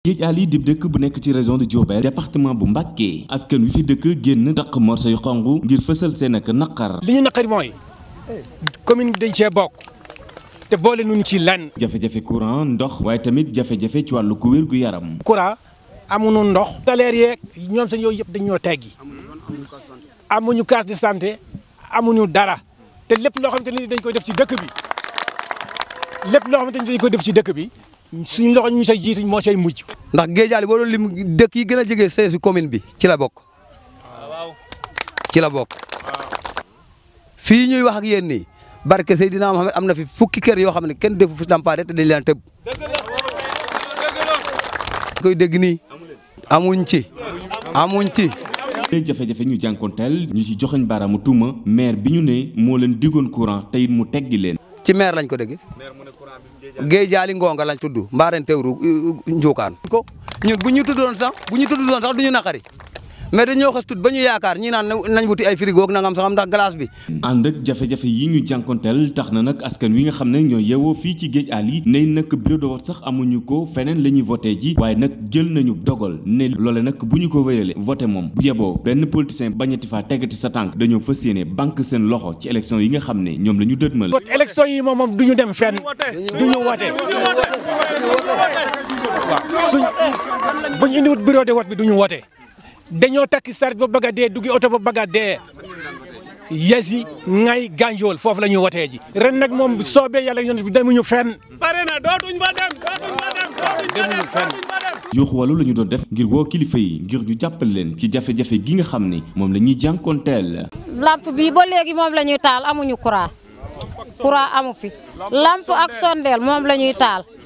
géej ali di dëkk bu nekk ci région de Diourbel département bu Mbàkke askan wi fi dëkk génn taq morso yu xong ngir fësal seen ak naqar li ñu naqari mooy commune bi dañ cee bokk te boole nu nuñ ci lan jafe-jafe courant ndox waaye tamit jafe-jafe ci wàllu ku wér gu yaram courant amuñu ndox salaire yeeg ñoom seen yooyu yëpp dañ ñoo teggi amuñu case de santé amuñu dara te lépp loo xamante ni dañ koy def ci dëkk bi lépp loo xamante dañ koy def ci dëkk bi suñ loxo ñu say jiitu moo say mujj. ndax Géejawaay boo doon lim dëkk yi gën a jege seesi commune bi ci la bokk. ci la bokk. fii ñuy wax ak yéen nii barke dina Mohamed am na fi fukki kër yoo xam ne kenn defu fi ndàmpaare te dañ leen tëb. koy dégg nii amuñ ci amuñ ci. tey jafe-jafe ñu jànkoonteel ñu ci joxoñ baaraamu tuuma maire bi ñu ne moo leen diggoon courant te it mu teggi leen. ci maire lañ ko dégg géej jaali ngoonga lañ tudd mbaaren teewru njuukaan ko ñun bu ñu tuddoon sax bu ñu tuddoon sax du ñu mais dañoo xas tut ba ñu yaakaar ñi naan nañ wuti ay frigo ak nangam saxam ndax glace bi ànd ak jafe-jafe yi ñu jànkonteel tax na nag askan wi nga xam ne ñoo yeewoo fii ci géej àll yi ne nag bureau de vote sax amuñu ko feneen la ñuy voté ji waaye nag jël nañu dogal ne loole nag bu ñu ko wéyale voté moom bu yeboo benn politicien bañati faa tegati sa tànk dañoo fas yéene banque seen loxo ci élection yi nga xam ne ñoom la ñu dëtmal élection yi moom ñu dem fenn du ñu wote waaw suñ buñ indiwut bureau de bi du ñu wote dañoo takki saret ba bëgg a dee duggi oto ba bëgg yasi ngay gànjool foofu lañuy ñuy wotee ren nag moom soobee yàlla yonent bi demuñu fenn. pare na dootuñ ba ñu doon def ngir woo kilifa yi ngir ñu jàppale leen ci jafe-jafe gi nga xam ni moom la ñuy jànkoonteel. lamp bi ba léegi moom la ñuy taal amuñu courant courant amu fi lamp ak sondeel moom la taal.